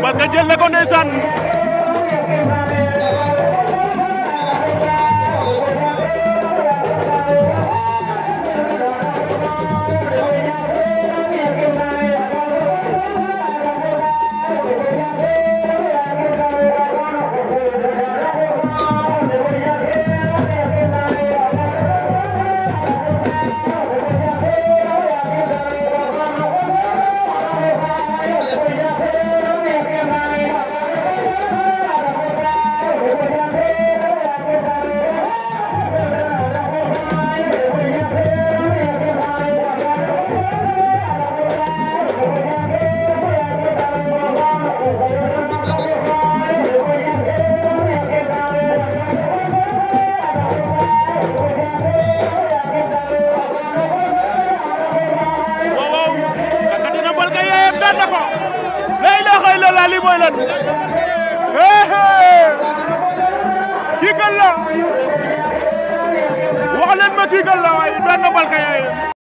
Mbalka jël na ko ndeysaan lii mooy lan kii kan la wax ma kii kan la waaye doon na Mbalka Yaaye